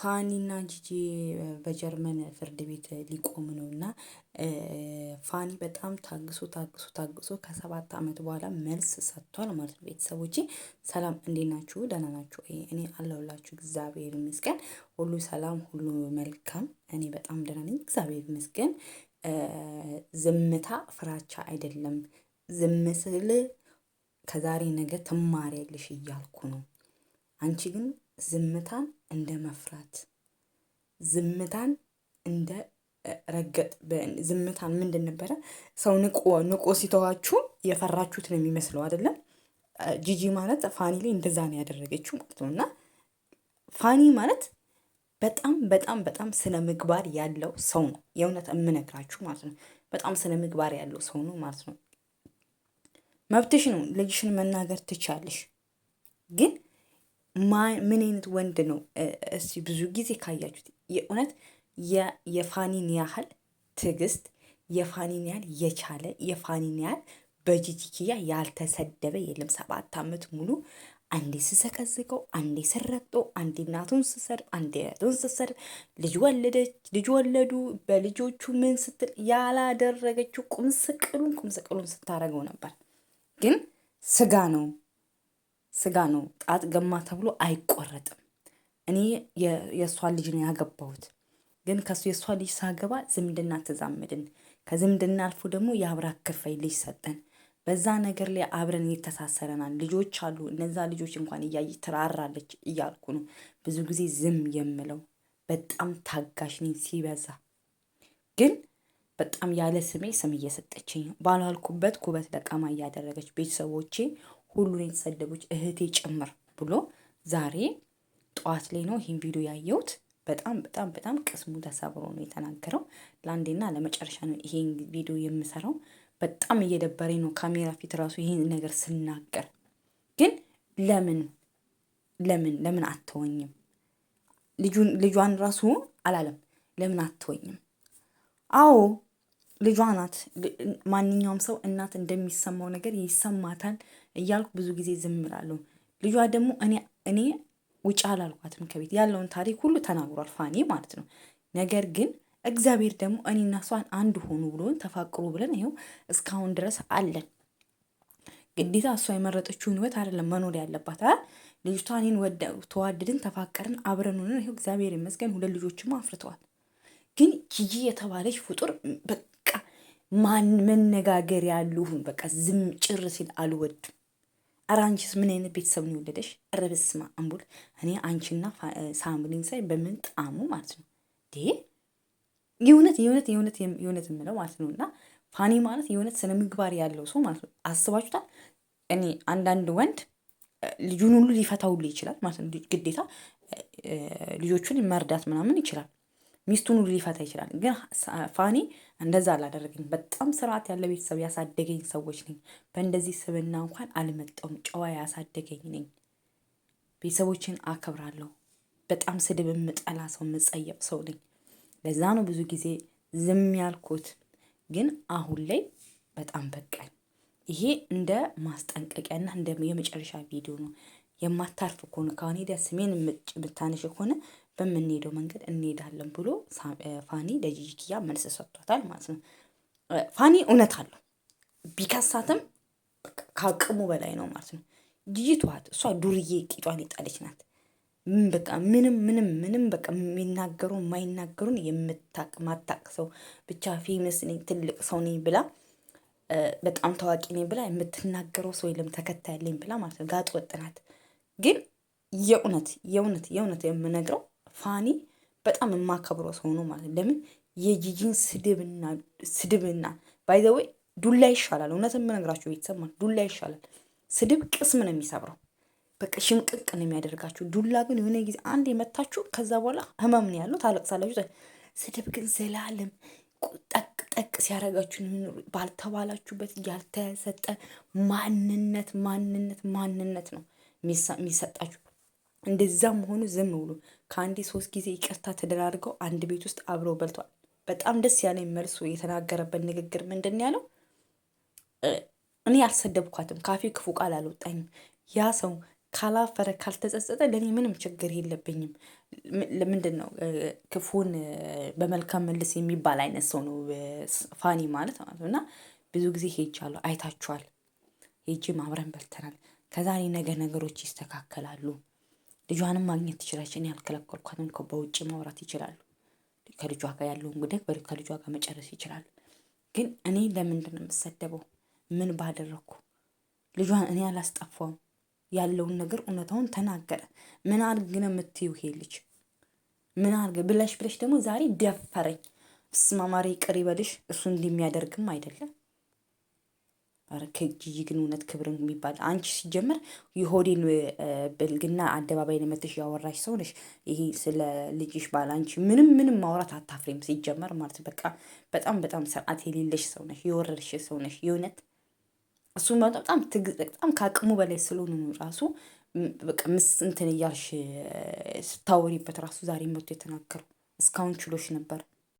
ፋኒና ጂጂ በጀርመን ፍርድ ቤት ሊቆም ነው እና ፋኒ በጣም ታግሶ ታግሶ ታግሶ ከሰባት ዓመት በኋላ መልስ ሰጥቷል ማለት ነው። ቤተሰቦቼ ሰላም፣ እንዴት ናችሁ? ደህና ናችሁ? እኔ አለሁላችሁ። እግዚአብሔር ይመስገን፣ ሁሉ ሰላም፣ ሁሉ መልካም። እኔ በጣም ደህና ነኝ፣ እግዚአብሔር ይመስገን። ዝምታ ፍራቻ አይደለም። ዝም ስል ከዛሬ ነገ ትማሪያለሽ እያልኩ ነው። አንቺ ግን ዝምታን እንደ መፍራት ዝምታን እንደ ረገጥ ዝምታን ምንድን ነበረ? ሰው ንቆ ንቆ ሲተዋችሁ የፈራችሁት ነው የሚመስለው አይደለም። ጂጂ ማለት ፋኒ ላይ እንደዛ ነው ያደረገችው ማለት ነው። እና ፋኒ ማለት በጣም በጣም በጣም ስነ ምግባር ያለው ሰው ነው። የእውነት የምነግራችሁ ማለት ነው። በጣም ስነ ምግባር ያለው ሰው ነው ማለት ነው። መብትሽ ነው፣ ልጅሽን መናገር ትቻለሽ። ግን ምን አይነት ወንድ ነው? እ ብዙ ጊዜ ካያችሁት የእውነት የፋኒን ያህል ትዕግስት፣ የፋኒን ያህል የቻለ፣ የፋኒን ያህል በጂጂኪያ ያልተሰደበ የለም። ሰባት ዓመት ሙሉ አንዴ ስሰቀዝቀው፣ አንዴ ስረግጦ፣ አንዴ እናቱን ስሰድብ አንዴ እህቱን ስሰርብ፣ ልጅ ወለደች፣ ልጅ ወለዱ፣ በልጆቹ ምን ስትል ያላደረገችው ቁምስቅሉን ቁምስቅሉን ስታደርገው ነበር። ግን ስጋ ነው ስጋ ነው። ጣጥ ገማ ተብሎ አይቆረጥም። እኔ የእሷ ልጅ ነው ያገባሁት። ግን ከሱ የእሷ ልጅ ሳገባ ዝምድና ተዛመድን። ከዝምድና አልፎ ደግሞ የአብራክ ክፋይ ልጅ ሰጠን። በዛ ነገር ላይ አብረን ይተሳሰረናል። ልጆች አሉ። እነዛ ልጆች እንኳን እያየች ትራራለች እያልኩ ነው ብዙ ጊዜ ዝም የምለው። በጣም ታጋሽ ነኝ ሲበዛ። ግን በጣም ያለ ስሜ ስም እየሰጠችኝ ባላልኩበት ኩበት ለቀማ እያደረገች ቤተሰቦቼ ሁሉን የተሰደቡች እህቴ ጭምር ብሎ ዛሬ ጠዋት ላይ ነው ይህን ቪዲዮ ያየሁት። በጣም በጣም በጣም ቅስሙ ተሰብሮ ነው የተናገረው። ለአንዴና ለመጨረሻ ነው ይሄን ቪዲዮ የምሰራው። በጣም እየደበረኝ ነው ካሜራ ፊት ራሱ ይህን ነገር ስናገር። ግን ለምን ለምን ለምን አትወኝም? ልጇን ራሱ አላለም። ለምን አትወኝም? አዎ ልጇ ናት። ማንኛውም ሰው እናት እንደሚሰማው ነገር ይሰማታል። እያልኩ ብዙ ጊዜ ዝም ልጇ ደግሞ እኔ እኔ ውጭ አላልኳትም ከቤት ያለውን ታሪክ ሁሉ ተናግሯል ፋኒ ማለት ነው። ነገር ግን እግዚአብሔር ደግሞ እኔና እሷን አንድ ሆኑ ብሎን ተፋቅሩ ብለን ይኸው እስካሁን ድረስ አለን። ግዴታ እሷ የመረጠችውን ህይወት አይደለም መኖር ያለባት። ልጅቷ እኔን ተዋደድን፣ ተፋቀርን፣ አብረን ሆነን ይኸው እግዚአብሔር ይመስገን ሁለት ልጆችም አፍርተዋል። ግን ኪጂ የተባለች ፍጡር በቃ ማን መነጋገር ያሉሁን በቃ ዝም ጭር ሲል አልወድም። ኧረ አንቺስ ምን አይነት ቤተሰብ ነው የወለደሽ? ኧረ በስመ አብ አምቦል እኔ አንቺና ሳምሪን ሳይ በምን ጣሙ ማለት ነው የእውነት የእውነት የእውነት የእውነት የምለው ማለት ነው። እና ፋኒ ማለት የእውነት ስነ ምግባር ያለው ሰው ማለት ነው። አስባችሁታል? እኔ አንዳንድ ወንድ ልጁን ሁሉ ሊፈታ ይችላል ማለት ነው። ግዴታ ልጆቹን መርዳት ምናምን ይችላል። ሚስቱን ሁሉ ሊፈታ ይችላል። ግን ፋኒ እንደዛ አላደረገኝ። በጣም ስርዓት ያለ ቤተሰብ ያሳደገኝ ሰዎች ነኝ። በእንደዚህ ስብና እንኳን አልመጣውም። ጨዋ ያሳደገኝ ነኝ። ቤተሰቦችን አከብራለሁ። በጣም ስድብ የምጠላ ሰው፣ የምጸየቅ ሰው ነኝ። ለዛ ነው ብዙ ጊዜ ዝም ያልኩት። ግን አሁን ላይ በጣም በቃኝ። ይሄ እንደ ማስጠንቀቂያና እንደ የመጨረሻ ቪዲዮ ነው። የማታርፍ ከሆነ ከአሁን ሄዳ ስሜን የምታነሽ ከሆነ በምንሄደው መንገድ እንሄዳለን ብሎ ፋኒ ለጂጂኪያ መልስ ሰጥቷታል ማለት ነው። ፋኒ እውነት አለው ቢከሳትም ከአቅሙ በላይ ነው ማለት ነው። ጂጂ እሷ ዱርዬ ቂጧን የጣለች ናት። በቃ ምንም ምንም ምንም በቃ የሚናገሩን የማይናገሩን የምታቅ ማታቅ ሰው ብቻ ፌመስ ነኝ ትልቅ ሰው ነኝ ብላ በጣም ታዋቂ ነኝ ብላ የምትናገረው ሰው የለም ተከታይ ያለኝ ብላ ማለት ነው። ጋጥ ወጥናት ግን የእውነት የእውነት የእውነት የምነግረው ፋኒ በጣም የማከብረው ሰው ነው ማለት ለምን የጂጂን ስድብና ስድብና ባይ ዘ ወይ ዱላ ይሻላል። እውነትም የምነግራችሁ ቤተሰብ ማለት ዱላ ይሻላል። ስድብ ቅስም ነው የሚሰብረው፣ በቃ ሽምቅቅ ነው የሚያደርጋችሁ። ዱላ ግን የሆነ ጊዜ አንድ የመታችሁ ከዛ በኋላ ህመም ነው ያለው፣ ታለቅሳላችሁ። ስድብ ግን ዘላለም ጠቅ ጠቅ ሲያደርጋችሁ ባልተባላችሁበት ያልተሰጠ ማንነት ማንነት ማንነት ነው የሚሰጣችሁ። እንደዛም ሆኑ ዝም ብሎ ከአንዴ ሶስት ጊዜ ይቅርታ ተደራርገው አንድ ቤት ውስጥ አብረው በልቷል። በጣም ደስ ያለ መልሱ የተናገረበት ንግግር ምንድን ያለው እኔ አልሰደብኳትም፣ ካፌ ክፉ ቃል አልወጣኝም። ያ ሰው ካላፈረ ካልተጸጸጠ ለእኔ ምንም ችግር የለብኝም። ለምንድን ነው ክፉን በመልካም መልስ የሚባል አይነት ሰው ነው ፋኒ ማለት ማለት እና ብዙ ጊዜ ሄጃለሁ፣ አይታችኋል። ሄጄ አብረን በልተናል። ከዛ እኔ ነገ ነገሮች ይስተካከላሉ ልጇንም ማግኘት ትችላለች። እኔ ያልከለከልኳትም በውጭ ማውራት ይችላሉ። ከልጇ ጋር ያለውን ጉዳይ ከልጇ ጋር መጨረስ ይችላሉ። ግን እኔ ለምንድን ነው የምሰደበው? ምን ባደረግኩ? ልጇን እኔ አላስጠፋውም። ያለውን ነገር እውነታውን ተናገረ። ምን አድርግ ነው የምትይው? ይሄ ልጅ ምን አድርግ ብለሽ ብለሽ ደግሞ ዛሬ ደፈረኝ። ስማማሪ ቅር ይበልሽ። እሱ እንደሚያደርግም አይደለም ኧረ ከእጅዬ ግን እውነት ክብርን የሚባል አንቺ ሲጀመር የሆዴን ብልግና አደባባይ ለመተሽ ያወራሽ ሰው ነሽ። ይሄ ስለ ልጅሽ ባል አንቺ ምንም ምንም ማውራት አታፍሬም ሲጀመር ማለት በቃ በጣም በጣም ስርዓት የሌለሽ ሰው ነሽ፣ የወረድሽ ሰው ነሽ። የእውነት እሱ በጣም ትግስት በጣም ከአቅሙ በላይ ስለሆኑ ነው ራሱ በቃ ምስ እንትን እያልሽ ስታወሪበት ራሱ ዛሬ መቶ የተናገረው እስካሁን ችሎሽ ነበር።